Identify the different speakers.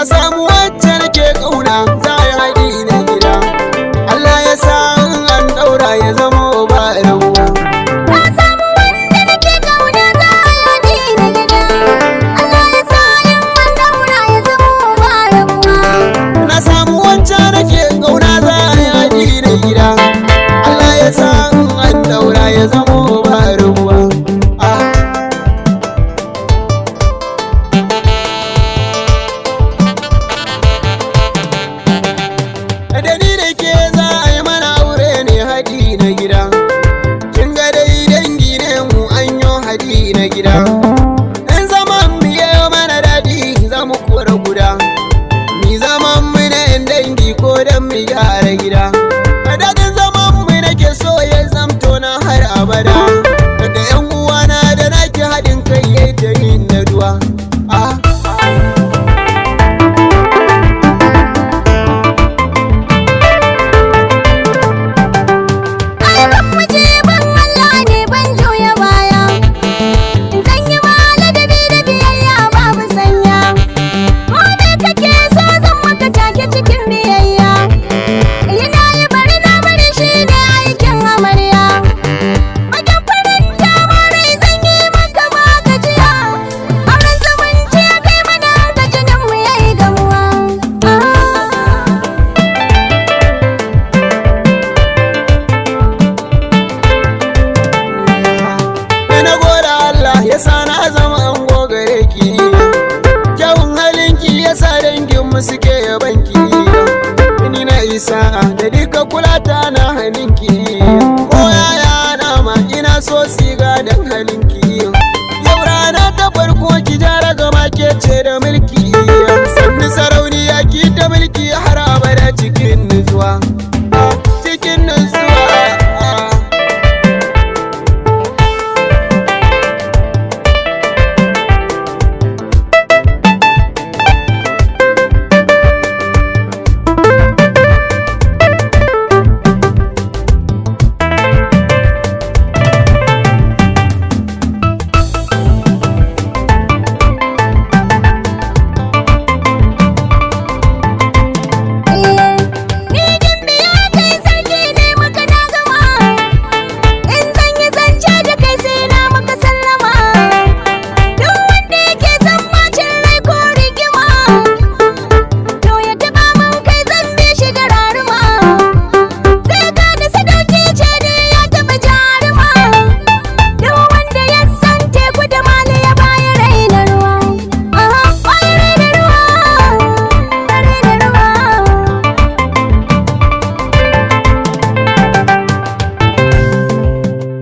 Speaker 1: a samu wacce nake ƙauna gida in zaman mu yo mana daɗi zamu kora guda mi zaman mu na dangi ko dan mu isa da duka kula ta na halinki ko yaya na ma ina so siga dan halinki yau rana ta farko ki jara gama ke ce da mulki sannu